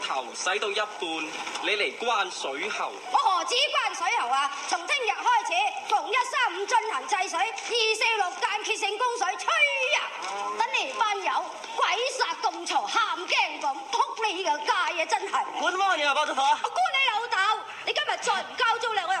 頭洗到一半，你嚟關水喉。我何止關水喉啊！從聽日開始，逢一三五進行制水，二四六間歇性供水，吹啊，等、嗯、你班友鬼殺共嘈，喊驚咁，扑你個街啊！真係。關乜嘢啊包租婆。我關你老豆，你今日再唔交租糧，我又。